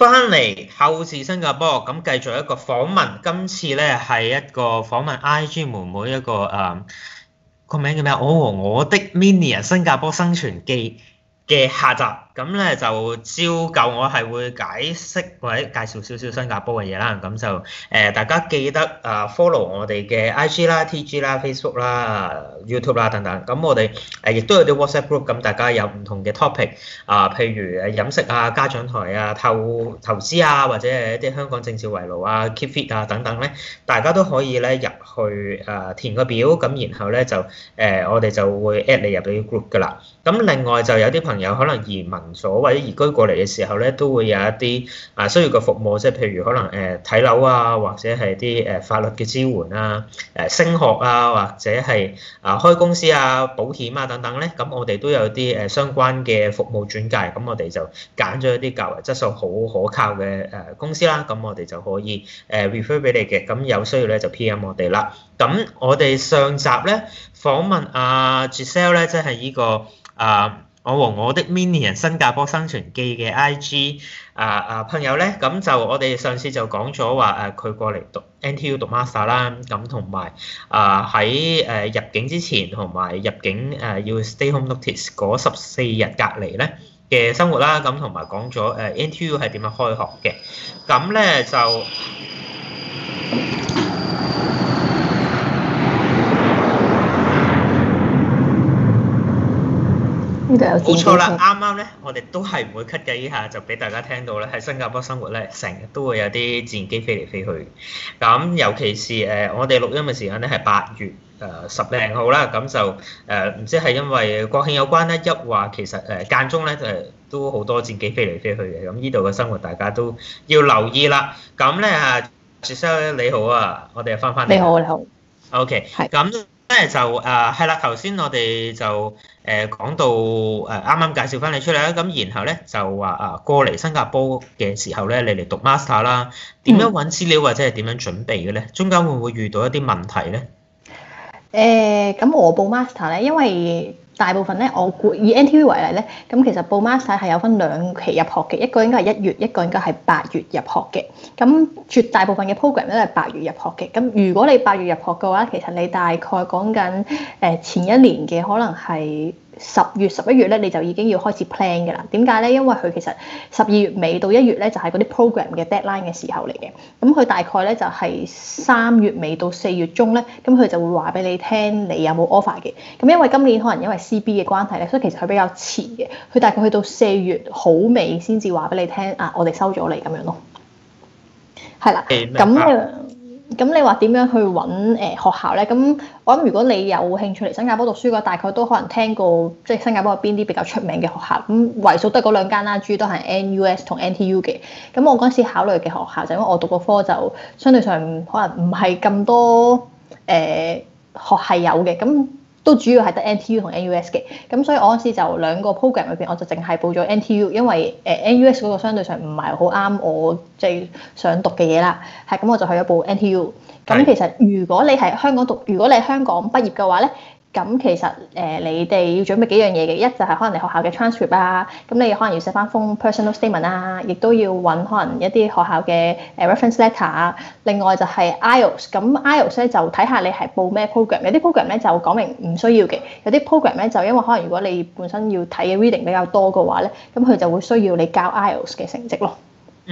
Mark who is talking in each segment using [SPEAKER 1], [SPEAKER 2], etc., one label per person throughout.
[SPEAKER 1] 翻嚟透視新加坡，咁繼續一個訪問。今次咧係一個訪問 I G 妹，妹妹一個誒、啊、個名叫咩？我、oh, 和我的 Minion 新加坡生存記嘅下集，咁咧就照舊我係會解釋或者介紹少少新加坡嘅嘢啦。咁就誒、呃、大家記得誒 follow 我哋嘅 IG 啦、TG 啦、Facebook 啦、YouTube 啦等等。咁我哋誒亦都有啲 WhatsApp group，咁大家有唔同嘅 topic 啊、呃，譬如誒飲食啊、家長台啊、投投資啊，或者係一啲香港政治圍爐啊、keep fit 啊等等咧，大家都可以咧入去誒、呃、填個表，咁然後咧就誒、呃、我哋就會 add 你入到啲 group 噶啦。咁另外就有啲朋友有可能移民咗或者移居過嚟嘅時候咧，都會有一啲啊需要嘅服務，即係譬如可能誒睇樓啊，或者係啲誒法律嘅支援啊、誒升學啊，或者係啊開公司啊、保險啊等等咧。咁我哋都有啲誒相關嘅服務轉介，咁我哋就揀咗一啲較為質素好可靠嘅誒公司啦。咁我哋就可以誒 refer 俾你嘅。咁有需要咧就 PM 我哋啦。咁我哋上集咧訪問啊 Giselle 咧，即係呢個啊。我和我的 Minion 新加坡生存記嘅 IG 啊，啊朋友咧，咁就我哋上次就講咗話誒，佢過嚟讀 NTU 讀 master 啦，咁同埋啊喺誒入境之前同埋入境誒要 stay home notice 嗰十四日隔離咧嘅生活啦，咁同埋講咗誒 NTU 係點樣開學嘅，咁咧就。
[SPEAKER 2] 冇錯啦，啱
[SPEAKER 1] 啱咧，我哋都係唔會 cut 嘅。依下就俾大家聽到咧，喺新加坡生活咧，成日都會有啲戰機飛嚟飛去。咁尤其是誒，我哋錄音嘅時間咧係八月誒十零號啦。咁就誒唔知係因為國慶有關咧，一話其實誒間中咧誒都好多戰機飛嚟飛去嘅。咁呢度嘅生活，大家都要留意啦。咁咧啊，先生你好啊，我哋返返嚟你好，你好。OK，係咁。即係就誒係啦，頭先我哋就誒講到誒，啱啱介紹翻你出嚟啦，咁然後咧就話啊過嚟新加坡嘅時候咧，你嚟讀 master 啦，點樣搵資料或者係點樣準備嘅咧？中間會唔會遇到一啲問題咧？
[SPEAKER 3] 誒，咁、呃、我報 master 咧，因為大部分咧，我估以 NTU 為例咧，咁其實報 master 係有分兩期入學嘅，一個應該係一月，一個應該係八月入學嘅。咁絕大部分嘅 program 咧都係八月入學嘅。咁如果你八月入學嘅話，其實你大概講緊誒前一年嘅可能係。十月十一月咧，你就已經要開始 plan 㗎喇。點解咧？因為佢其實十二月尾到一月咧，就係嗰啲 program 嘅 deadline 嘅時候嚟嘅。咁佢大概咧就係三月尾到四月中咧，咁佢就會話俾你聽，你有冇 offer 嘅。咁因為今年可能因為 CB 嘅關係咧，所以其實佢比較遲嘅。佢大概去到四月好尾先至話俾你聽啊，我哋收咗你咁樣咯。係啦，咁誒。咁你話點樣去揾誒、欸、學校咧？咁我諗如果你有興趣嚟新加坡讀書嘅話，大概都可能聽過，即、就、係、是、新加坡有邊啲比較出名嘅學校。咁唯屬為數得嗰兩間啦，主要都係 NUS 同 NTU 嘅。咁我嗰陣時考慮嘅學校就是、因為我讀個科就相對上可能唔係咁多誒、欸、學系有嘅咁。都主要係得 NTU 同 NUS 嘅，咁所以我嗰陣時就兩個 program 裏邊，我就淨係報咗 NTU，因為誒 NUS 嗰個相對上唔係好啱我最想讀嘅嘢啦。係咁，我就去咗報 NTU。咁其實如果你係香港讀，如果你係香港畢業嘅話咧。咁其實誒，你哋要準備幾樣嘢嘅，一就係可能你學校嘅 transcript 啊，咁你可能要寫翻封 personal statement 啊，亦都要揾可能一啲學校嘅 reference letter 啊。另外就係 IELTS，咁 IELTS 咧就睇下你係報咩 program，有啲 program 咧就講明唔需要嘅，有啲 program 咧就因為可能如果你本身要睇嘅 reading 比較多嘅話咧，咁佢就會需要你交 IELTS 嘅成績咯。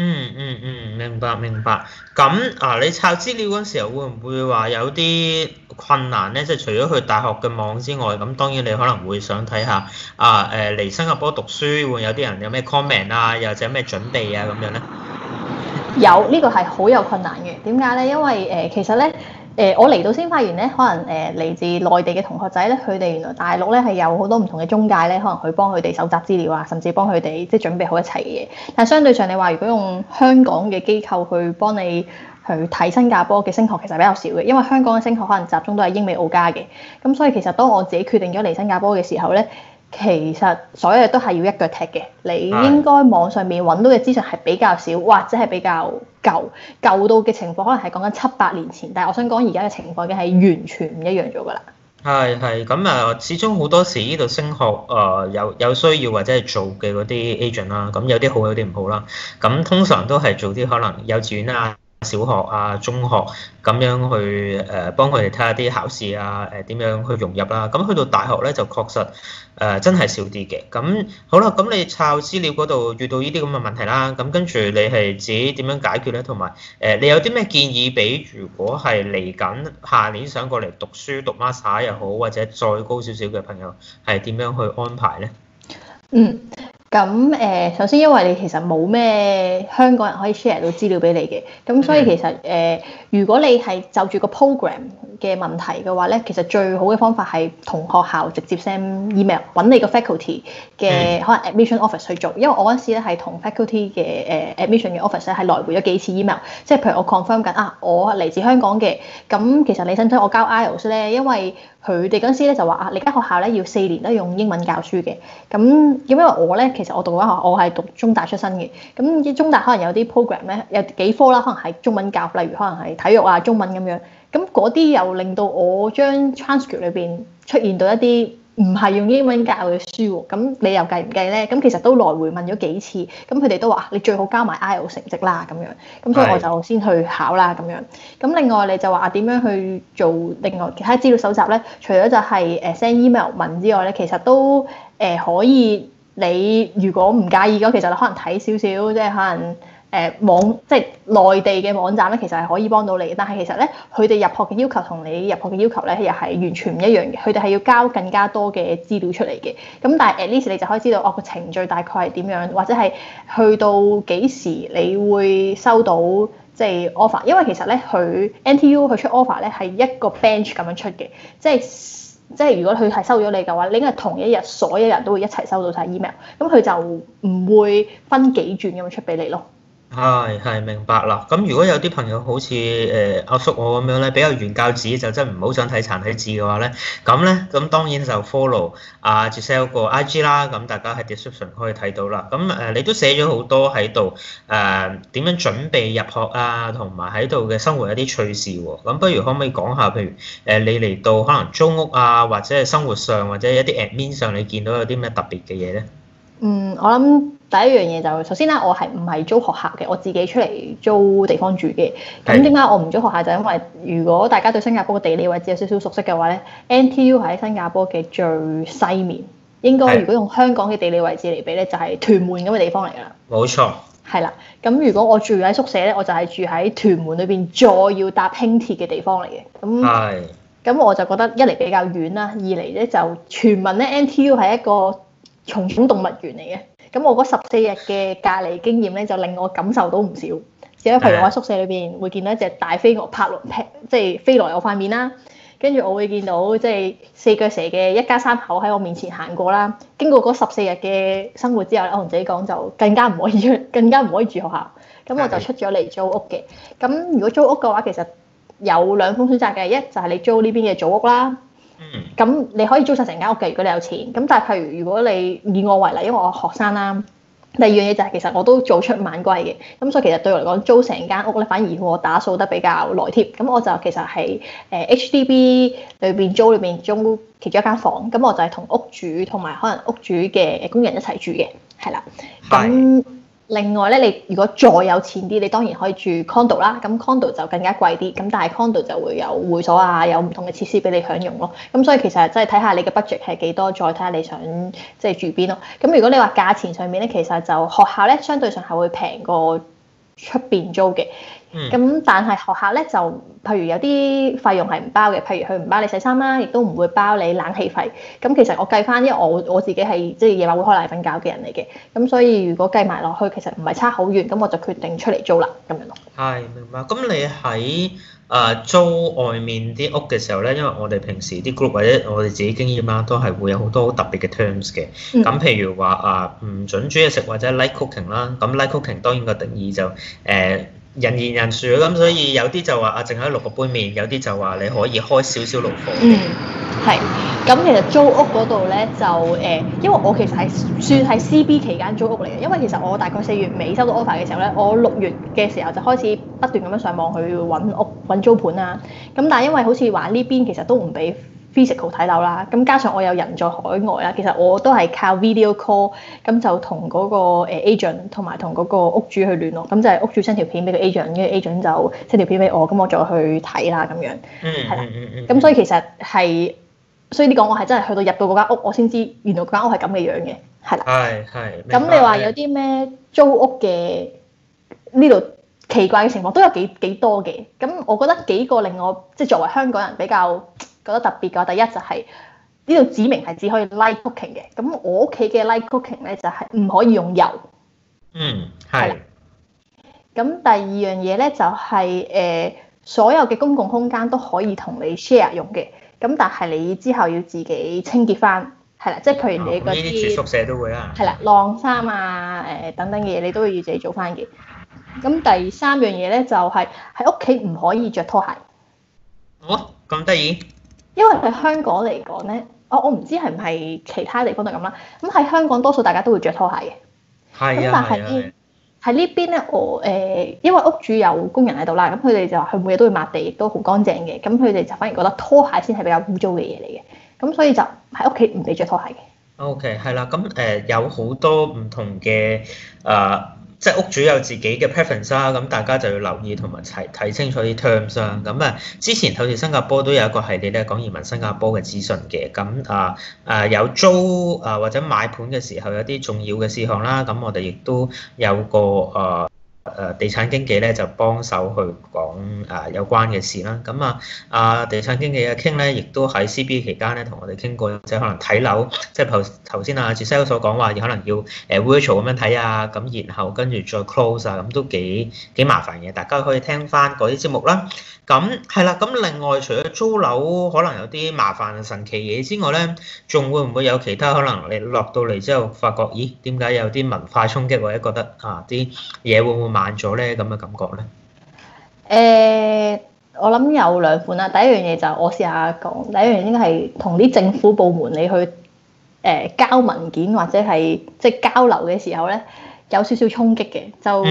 [SPEAKER 3] 嗯嗯嗯，
[SPEAKER 1] 明白明白。咁啊，你查資料嗰時候會唔會話有啲？困難咧，即係除咗去大學嘅網之外，咁當然你可能會想睇下啊誒嚟、呃、新加坡讀書會有啲人有咩 comment 啊，又或者咩準備啊咁樣咧。
[SPEAKER 3] 有呢、呢個係好有困難嘅，點解咧？因為誒、呃、其實咧誒、呃、我嚟到先發現咧，可能誒嚟、呃、自內地嘅同學仔咧，佢哋原來大陸咧係有好多唔同嘅中介咧，可能去幫佢哋搜集資料啊，甚至幫佢哋即係準備好一齊嘅嘢。但係相對上你話如果用香港嘅機構去幫你。佢睇新加坡嘅升學其實比較少嘅，因為香港嘅升學可能集中都係英美澳加嘅，咁所以其實當我自己決定咗嚟新加坡嘅時候咧，其實所有嘢都係要一腳踢嘅。你應該網上面揾到嘅資訊係比較少，或者係比較舊，舊到嘅情況可能係講緊七八年前，但係我想講而家嘅情況已經係完全唔一樣咗㗎啦。
[SPEAKER 1] 係係咁啊，始終好多時呢度升學誒、呃、有有需要或者係做嘅嗰啲 agent 啦，咁有啲好有啲唔好啦。咁通常都係做啲可能幼稚園啊。小學啊、中學咁樣去誒，幫佢哋睇下啲考試啊，誒、呃、點樣去融入啦、啊。咁去到大學咧，就確實誒、呃、真係少啲嘅。咁好啦，咁你抄資料嗰度遇到呢啲咁嘅問題啦，咁跟住你係自己點樣解決咧？同埋誒，你有啲咩建議俾？如果係嚟緊下年想過嚟讀書讀 master 又好，或者再高少少嘅朋友，係點樣去安排咧？嗯。
[SPEAKER 3] 咁誒，首先因為你其實冇咩香港人可以 share 到資料俾你嘅，咁所以其實誒、呃，如果你係就住個 program 嘅問題嘅話咧，其實最好嘅方法係同學校直接 send email 揾你個 faculty 嘅可能 admission office 去做，因為我嗰陣時咧係同 faculty 嘅誒 admission 嘅 office 咧係來回咗幾次 email，即係譬如我 confirm 緊啊，我嚟自香港嘅，咁其實你使唔使我交 IELTS 咧？因為佢哋嗰陣時咧就話啊，你間學校咧要四年都用英文教書嘅，咁因為我咧其實我讀緊學，我係讀中大出身嘅，咁啲中大可能有啲 program 咧有幾科啦，可能係中文教，例如可能係體育啊、中文咁樣，咁嗰啲又令到我將 transcript 裏邊出現到一啲唔係用英文教嘅書喎，咁你又計唔計咧？咁其實都來回問咗幾次，咁佢哋都話你最好交埋 IELTS 成績啦，咁樣，咁所以我就先去考啦，咁樣。咁另外你就話點樣去做另外其他資料搜集咧？除咗就係誒 send email 問之外咧，其實都誒、呃、可以。你如果唔介意嘅話，其實你可能睇少少，即係可能。誒、嗯、網即係內地嘅網站咧，其實係可以幫到你，但係其實咧佢哋入學嘅要求同你入學嘅要求咧又係完全唔一樣嘅。佢哋係要交更加多嘅資料出嚟嘅。咁、嗯、但係 at least 你就可以知道哦個程序大概係點樣，或者係去到幾時你會收到即係 offer。就是 off er, 因為其實咧佢 NTU 佢出 offer 咧係一個 bench 咁樣出嘅，即係即係如果佢係收咗你嘅話，你應該同一日所有人都會一齊收到晒 email、嗯。咁佢就唔會分幾轉咁樣出俾你咯。
[SPEAKER 1] 係係、哎、明白啦。咁如果有啲朋友好似誒阿叔我咁樣咧，比較原教旨就真係唔好想睇殘體字嘅話咧，咁咧咁當然就 follow 阿、啊、Jesse 個 IG 啦。咁大家喺 description 可以睇到啦。咁誒你都寫咗好多喺度誒點樣準備入學啊，同埋喺度嘅生活一啲趣事喎、啊。咁不如可唔可以講下，譬如誒你嚟到可能租屋啊，或者係生活上或者一啲 admin 上你見到有啲咩特別嘅嘢咧？
[SPEAKER 3] 嗯，我諗第一樣嘢就係，首先咧，我係唔係租學校嘅，我自己出嚟租地方住嘅。咁點解我唔租學校？就因為如果大家對新加坡嘅地理位置有少少熟悉嘅話咧，NTU 喺新加坡嘅最西面。應該如果用香港嘅地理位置嚟比咧，就係、是、屯門咁嘅地方嚟噶啦。冇錯。係啦，咁如果我住喺宿舍咧，我就係住喺屯門裏邊，再要搭輕鐵嘅地方嚟嘅。咁，咁的我就覺得一嚟比較遠啦，二嚟咧就傳聞咧，NTU 係一個，重慶動物園嚟嘅，咁我嗰十四日嘅隔離經驗咧，就令我感受到唔少。只係譬如我喺宿舍裏邊會見到一隻大飛蛾拍落，即係飛嚟我塊面啦。跟住我會見到即係四腳蛇嘅一家三口喺我面前行過啦。經過嗰十四日嘅生活之後咧，我同自己講就更加唔可以更加唔可以住學校。咁我就出咗嚟租屋嘅。咁如果租屋嘅話，其實有兩種選擇嘅，一就係你租呢邊嘅組屋啦。咁、嗯、你可以租晒成間屋嘅，如果你有錢。咁但係譬如如果你以我為例，因為我學生啦，第二樣嘢就係其實我都早出晚歸嘅。咁所以其實對我嚟講，租成間屋咧，反而我打掃得比較耐啲。咁我就其實係誒 HDB 裏邊租裏邊租，租其中一間房。咁我就係同屋主同埋可能屋主嘅工人一齊住嘅，係啦。咁的另外咧，你如果再有錢啲，你當然可以住 condo 啦。咁 condo 就更加貴啲，咁但係 condo 就會有會所啊，有唔同嘅設施俾你享用咯。咁所以其實真係睇下你嘅 budget 係幾多，再睇下你想即係住邊咯。咁如果你話價錢上面咧，其實就學校咧相對上係會平過出邊租嘅。咁、嗯、但係學校咧就譬，譬如有啲費用係唔包嘅，譬如佢唔包你洗衫啦，亦都唔會包你冷氣費。咁其實我計翻，因為我我自己係即係夜晚會開冷氣瞓覺嘅人嚟嘅，咁所以如果計埋落去，其實唔係差好遠，咁我就決定出嚟租啦，咁樣咯。
[SPEAKER 1] 係，明白。咁你喺啊租外面啲屋嘅時候咧，因為我哋平時啲 group 或者我哋自己經驗啦，都係會有好多好特別嘅 terms 嘅。咁、嗯、譬如話啊，唔準煮嘢食或者 light cooking 啦。咁 light cooking 當然個定義就誒。呃人言人殊咁，所以有啲就話啊，淨係六個杯麵；有啲就話你可以開少少爐房。嗯，
[SPEAKER 3] 係。咁其實租屋嗰度咧，就誒、呃，因為我其實係算係 C B 期間租屋嚟嘅，因為其實我大概四月尾收到 offer 嘅時候咧，我六月嘅時候就開始不斷咁樣上網去揾屋、揾租盤啦、啊。咁但係因為好似玩呢邊，其實都唔俾。physical 睇樓啦，咁加上我有人在海外啦，其實我都係靠 video call，咁就同嗰個 agent 同埋同嗰個屋主去聯絡，咁就係屋主 send 條片俾個 agent，跟住 agent 就 send 條片俾我，咁我再去睇啦咁樣，
[SPEAKER 1] 係啦，咁所
[SPEAKER 3] 以其實係，所以呢個我係真係去到入到嗰間屋，我先知原來嗰間屋係咁嘅樣嘅，係啦，係係、哎。咁、哎、你話有啲咩租屋嘅呢度奇怪嘅情況都有幾幾多嘅？咁我覺得幾個令我即係作為香港人比較覺得特別嘅，第一就係呢度指明係只可以 light cooking 嘅。咁我屋企嘅 light cooking 咧就係唔可以用油。嗯，
[SPEAKER 1] 係。
[SPEAKER 3] 咁第二樣嘢咧就係誒，所有嘅公共空間都可以同你 share 用嘅。咁但係你之後要自己清潔翻，係啦，即係譬如你啲、哦嗯、住宿舍都會啦。係啦，晾衫啊誒等等嘅嘢你都要自己做翻嘅。咁第三樣嘢咧就係喺屋企唔可以着拖鞋。
[SPEAKER 1] 好，咁得意。
[SPEAKER 3] 因為喺香港嚟講咧，我我唔知係唔係其他地方就咁啦。咁喺香港多數大家都會着拖鞋嘅。係啊的，係啊是。咁
[SPEAKER 1] 但係
[SPEAKER 3] 喺呢邊咧，我誒因為屋主有工人喺度啦，咁佢哋就話佢每日都會抹地，亦都好乾淨嘅。咁佢哋就反而覺得拖鞋先係比較污糟嘅嘢嚟嘅。咁所以就喺屋企唔俾着拖鞋嘅。
[SPEAKER 1] OK，係啦，咁誒有好多唔同嘅誒。呃即係屋主有自己嘅 preference 啦，咁大家就要留意同埋睇睇清楚啲 terms 啦。咁啊，之前透視新加坡都有一個系列咧講移民新加坡嘅資訊嘅。咁啊啊有租啊或者買盤嘅時候有啲重要嘅事項啦。咁我哋亦都有個啊。誒地產經紀咧就幫手去講誒、啊、有關嘅事啦，咁啊啊地產經紀嘅傾咧，亦都喺 C B 期間咧同我哋傾過，即係可能睇樓，即係頭頭先阿哲西 i 所講話可能要誒、呃、virtual 咁樣睇啊，咁然後跟住再 close 啊，咁、嗯、都幾幾麻煩嘅，大家可以聽翻嗰啲節目啦。咁係啦，咁另外除咗租樓可能有啲麻煩神奇嘢之外咧，仲會唔會有其他可能你落到嚟之後，發覺，咦，點解有啲文化衝擊或者覺得啊啲嘢會唔會慢咗咧，咁嘅感覺咧？
[SPEAKER 3] 誒、欸，我諗有兩款啦。第一樣嘢就我試下講，第一樣應該係同啲政府部門你去誒、欸，交文件或者係即係交流嘅時候咧。有少少衝擊嘅。就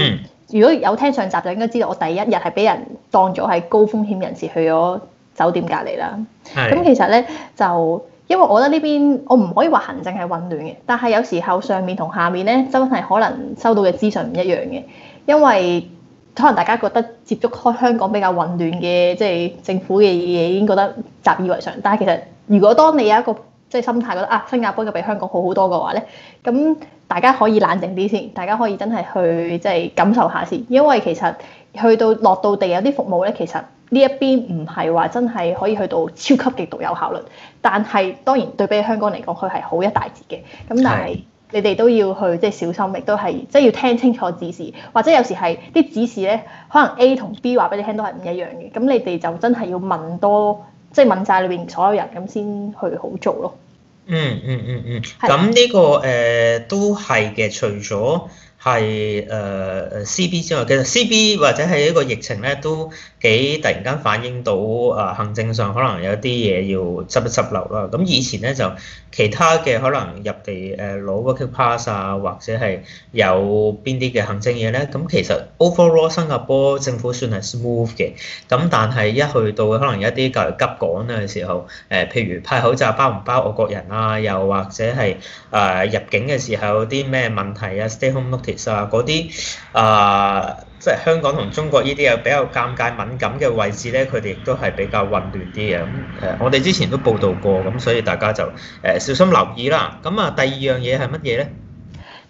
[SPEAKER 3] 如果有聽上集就應該知道我第一日係俾人當咗係高風險人士去咗酒店隔離啦。咁的其實咧就因為我覺得呢邊我唔可以話行政係混亂嘅，但係有時候上面同下面咧真係可能收到嘅資訊唔一樣嘅，因為可能大家覺得接觸開香港比較混亂嘅即係政府嘅嘢已經覺得習以為常，但係其實如果當你有一個即係心態覺得啊，新加坡嘅比香港好好多嘅話咧，咁大家可以冷靜啲先，大家可以真係去即係感受下先，因為其實去到落到地有啲服務咧，其實呢一邊唔係話真係可以去到超級極度有效率，但係當然對比香港嚟講，佢係好一大截嘅。咁但係你哋都要去即係小心，亦都係即係要聽清楚指示，或者有時係啲指示咧，可能 A 同 B 話俾你聽都係唔一樣嘅。咁你哋就真係要問多。即係問晒裏邊所有人咁先去好做咯。嗯嗯嗯
[SPEAKER 1] 嗯，咁、嗯、呢、嗯嗯的呢個誒、呃、都係嘅，除咗。係誒誒 CB 之外，其實 CB 或者係一個疫情咧，都幾突然間反映到誒行政上可能有啲嘢要執一執漏啦。咁以前咧就其他嘅可能入地誒攞 working pass 啊，或者係有邊啲嘅行政嘢咧，咁其實 overall 新加坡政府算係 smooth 嘅。咁但係一去到可能有一啲隔離急趕嘅時候，誒譬如派口罩包唔包外國人啊，又或者係誒入境嘅時候啲咩問題啊，stay home look。其實嗰啲啊，即係香港同中國呢啲又比較尷尬敏感嘅位置咧，佢哋亦都係比較混亂啲嘅。咁、嗯、誒、呃，我哋之前都報道過，咁所以大家就誒、呃、小心留意啦。咁啊，第二樣嘢係乜嘢咧？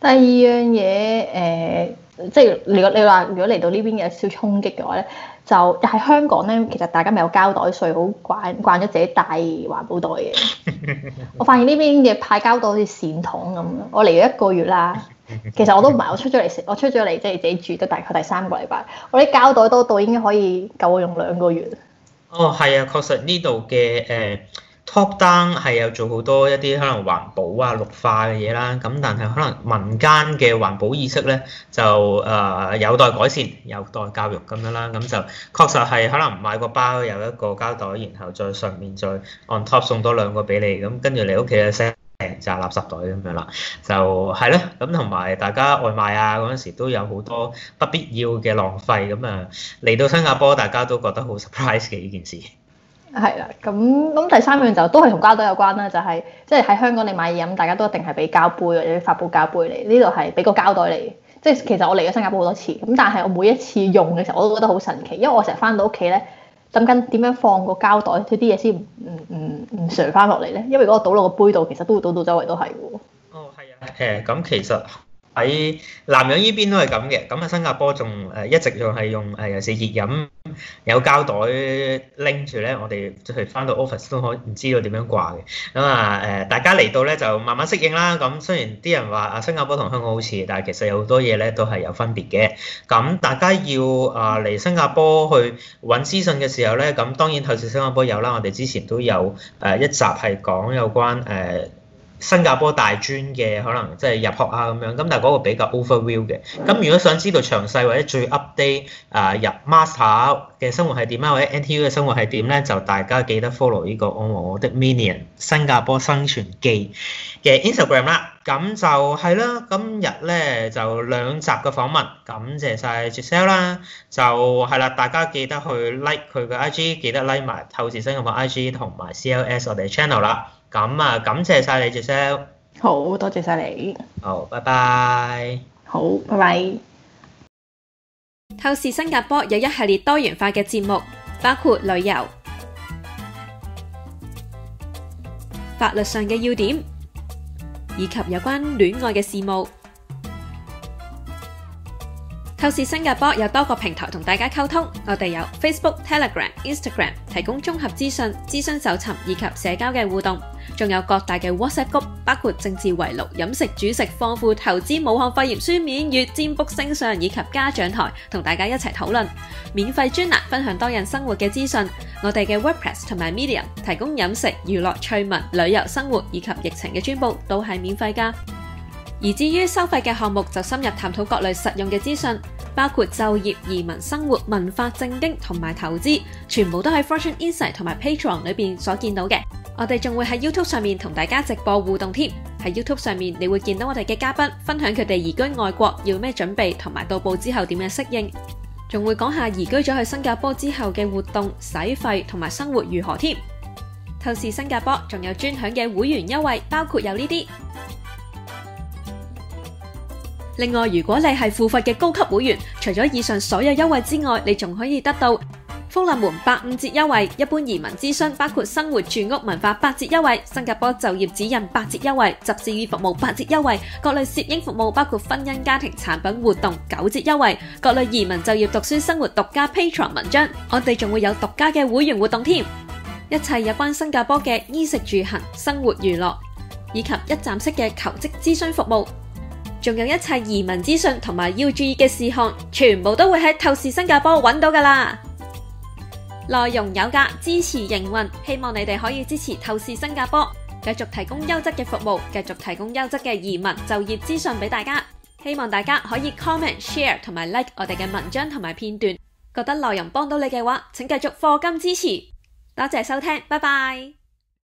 [SPEAKER 3] 第二樣嘢誒、呃，即係你你話如果嚟到呢邊有少衝擊嘅話咧，就喺香港咧，其實大家咪有膠袋稅，好慣慣咗自己帶環保袋嘅。 我發現呢邊嘅派膠袋好似線筒咁，我嚟咗一個月啦。 其實我都唔係，我出咗嚟食，我出咗嚟即係自己住得大概第三個禮拜，我啲膠袋多到應該可以夠我用兩個月。
[SPEAKER 1] 哦，係啊，確實呢度嘅誒 top down 係有做好多一啲可能環保啊綠化嘅嘢啦，咁但係可能民間嘅環保意識咧就誒、uh, 有待改善、有待教育咁樣啦，咁就確實係可能買個包有一個膠袋，然後再上面再 on top 送多兩個俾你，咁跟住你屋企嘅洗。就係垃圾袋咁樣啦，就係咯。咁同埋大家外賣啊嗰陣時都有好多不必要嘅浪費，咁啊嚟到新加坡大家都覺得好 surprise 嘅呢件事。
[SPEAKER 3] 係啦，咁咁第三樣就都係同膠袋有關啦，就係即係喺香港你買嘢飲，大家都一定係俾膠杯或者發布膠杯嚟。呢度係俾個膠袋嚟，即係其實我嚟咗新加坡好多次，咁但係我每一次用嘅時候，我都覺得好神奇，因為我成日翻到屋企咧。等緊點樣放個膠袋，佢啲嘢先唔唔唔唔瀡翻落嚟咧？因為如果倒落個杯度，其實都會倒到周圍都係嘅。哦，
[SPEAKER 1] 係啊，誒、啊，咁其實。喺南洋呢邊都係咁嘅，咁啊新加坡仲誒、呃、一直仲係用誒，有時熱飲有膠袋拎住咧，我哋即係翻到 office 都可唔知道點樣掛嘅。咁啊誒、呃，大家嚟到咧就慢慢適應啦。咁雖然啲人話啊新加坡同香港好似，但係其實有好多嘢咧都係有分別嘅。咁大家要啊嚟新加坡去揾資訊嘅時候咧，咁當然透視新加坡有啦，我哋之前都有誒一集係講有關誒。呃新加坡大專嘅可能即係入學啊咁樣，咁但係嗰個比較 overview 嘅。咁如果想知道詳細或者最 update 啊、呃、入 master 嘅生活係點啊，或者 NTU 嘅生活係點咧，就大家記得 follow 呢個我和我的 Minion 新加坡生存記嘅 Instagram 啦。咁就係啦，今日咧就兩集嘅訪問，感謝晒 Jesse 啦。就係啦，大家記得去 like 佢嘅 IG，記得 like 埋透視新加坡 IG 同埋 CLS 我哋 channel 啦。咁啊，感謝晒你，Jo。好
[SPEAKER 3] 多謝晒你。Oh, bye
[SPEAKER 1] bye。好，拜拜。
[SPEAKER 3] 好，拜拜。
[SPEAKER 2] 透視新加坡有一系列多元化嘅節目，包括旅遊、法律上嘅要點，以及有關戀愛嘅事務。透視新加坡有多個平台同大家溝通，我哋有 Facebook、Telegram、Instagram 提供綜合資訊、諮詢搜尋以及社交嘅互動，仲有各大嘅 WhatsApp group，包括政治圍爐、飲食煮食、豐富投資、武漢肺炎書面、月占卜、星相以及家長台，同大家一齊討論。免費專欄分享多人生活嘅資訊，我哋嘅 WordPress 同埋 Medium 提供飲食、娛樂、趣聞、旅遊、生活以及疫情嘅專報，都係免費噶。而至於收費嘅項目，就深入探討各類實用嘅資訊，包括就業、移民、生活、文化、正經同埋投資，全部都喺 Fortune Insight 同埋 Patreon 裏邊所見到嘅。我哋仲會喺 YouTube 上面同大家直播互動添。喺 YouTube 上面，你會見到我哋嘅嘉賓分享佢哋移居外國要咩準備，同埋到步之後點樣適應，仲會講下移居咗去新加坡之後嘅活動、使費同埋生活如何。添透視新加坡仲有專享嘅會員優惠，包括有呢啲。另外，如果你係付費嘅高級會員，除咗以上所有優惠之外，你仲可以得到，福臨門八五折優惠，一般移民諮詢，包括生活住屋文化八折優惠，新加坡就業指引八折優惠，執 CV 服務八折優惠，則是優惠，則是優惠，則是優惠，仲有一切移民資訊同埋要注意嘅事項，全部都會喺透視新加坡揾到㗎喇。內容有價，支持營運，希望你哋可以支持透視新加坡，繼續提供優質嘅服務，繼續提供優質嘅移民就業資訊俾大家。希望大家可以 comment、share 同埋 like 我哋嘅文章同埋片段。覺得內容幫到你嘅話，請繼續課金支持。多謝收聽，拜拜。